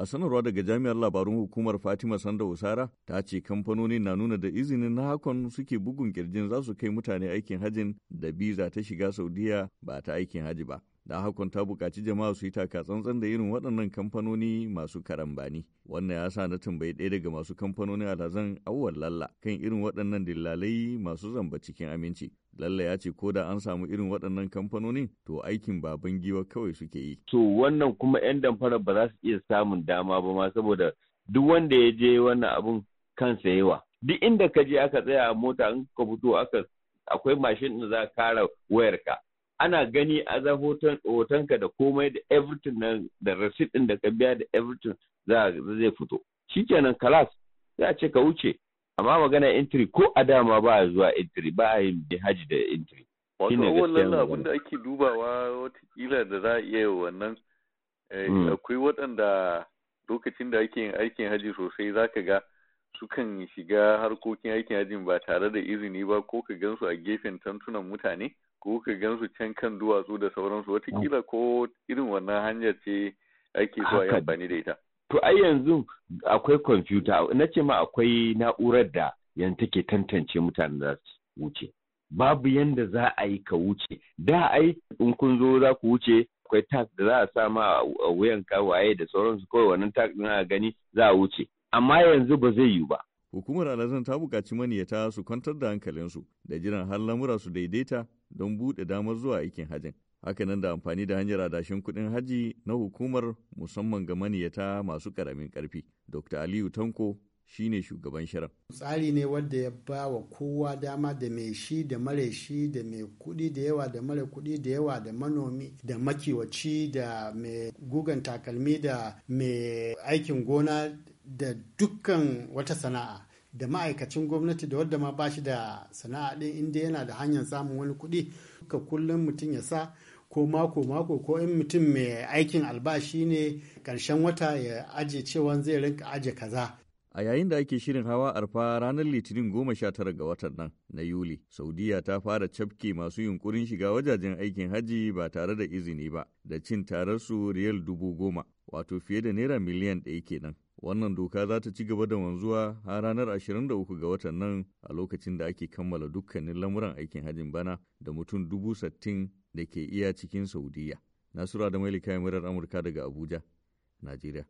A sanarwa daga jami'ar labarun hukumar Fatima Sanda Usara ta ce kamfanoni na nuna da izinin na hakon suke bugun kirjin za su kai mutane aikin hajin da biza ta shiga Saudiya ba ta aikin haji ba. da hakunta bukaci jama'a su yi taka tsantsan da irin waɗannan kamfanoni masu karambani wannan ya sa na tambayi ɗaya daga masu kamfanoni a alhazan awwal lalla kan irin waɗannan dillalai masu zamba cikin aminci lalla ya ce ko da an samu irin waɗannan kamfanonin to aikin baban giwa kawai suke yi to wannan kuma 'yan damfara ba za su iya samun dama ba ma saboda duk wanda ya je wannan abun kansa yawa duk inda ka je aka tsaya a mota in ka fito aka akwai mashin da za ka kara wayarka ana gani a za hotonka da komai da everything nan da receipt din da ka biya da everything za zai fito shikenan class sai a ce ka wuce amma magana entry ko a dama ba a zuwa entry ba a yin haji da entry wato wannan abin da ake dubawa watakila da za a iya wannan eh, hmm. akwai waɗanda lokacin da ake yin aikin haji sosai za ka ga sukan shiga harkokin aikin hajjin ba tare da izini ba ko ka gansu a gefen tantunan mutane ko ka gansu can kan duwatsu da sauransu watakila ko irin wannan hanyar ce ake zuwa yi amfani da ita. To ai yanzu akwai kwamfuta na ce ma akwai na'urar da yanzu take tantance mutane da su wuce. Babu yanda za a yi ka wuce. Da ai in kun zo za ku wuce akwai tak da za a sa ma a wuyan waye da sauransu kawai wannan tak din gani za a wuce. amma yanzu ba zai yiwu ba. Hukumar alazan ta buƙaci maniyata su kwantar da hankalinsu da jiran har lamura su daidaita don buɗe damar zuwa aikin hajjin. Hakanan da amfani da hanyar adashin kuɗin hajji na hukumar musamman ga maniyata masu ƙaramin ƙarfi. Dr. Aliyu Tanko shine shugaban shirin. Tsari ne wanda ya ba wa kowa dama da mai shi da mare shi da mai kuɗi da yawa da mare kuɗi da yawa da manomi da makiwaci da mai gugan takalmi da mai aikin gona da dukkan wata sana'a. da ma'aikacin gwamnati da wadda ma ba shi da sana'a ɗin inda yana da hanyar samun wani kuɗi ka kullum mutum ya sa ko mako mako ko in mutum mai aikin albashi ne ƙarshen wata ya aje cewa zai rinka ajiye kaza A yayin da ake shirin hawa arfa ranar Litinin goma sha tara ga watan nan na Yuli, Saudiya ta fara cafke masu yunkurin shiga wajajen aikin hajji ba tare da izini ba, da cin tararsu riyal dubu goma, wato fiye da naira miliyan ɗaya kenan. Wannan doka za ta ci gaba da wanzuwa har ranar 23 ga watan nan a lokacin da ake kammala dukkanin lamuran aikin hajjin bana da mutum dubu sattin da ke iya cikin Saudiya. Nasura da Mailika Murar Amurka daga Abuja, Najeriya.